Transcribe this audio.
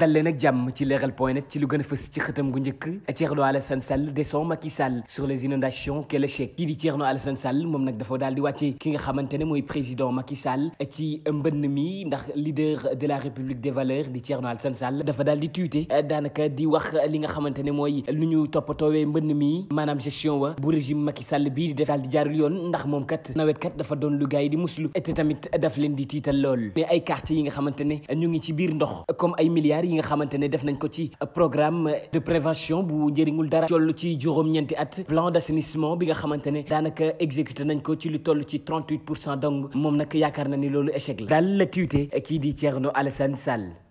dal leen ak jàmm ci leeral point net ci lu gën a fës ci xëtam gu njëkk Thierno Alassane Sall descend Macky Sall sur les inondations quel échec kii di Thierno Alassane Sall moom nag dafa daal di wàcce ki nga xamante ne mooy président Macky Sall ci mbënn mi ndax leader de la République des valeurs di Thierno Alassane Sall dafa daal di tuite daanaka di wax li nga xamante ne mooy lu ñu toppatoowee mbënn mi maanaam gestion wa bu régime Macky Sall bii di def di jaarul yoon ndax moom kat nawet kat dafa doon lu yi di muslu te tamit daf leen di tiital lool mais ay quartiers yi nga xamante ne ñu ngi ci biir ndox ay milliards milliards yi nga xamante ne def nañ ko ci programme de prévention bu njëriñul dara toll ci juróom-ñeenti at plan d'assainissement bi nga xamante ne daanaka exécuté nañ ko ci lu toll ci 38 pour cent donc moom nag yaakaar na ni loolu échec la daal la tuité kii di Thierno Alassane Sall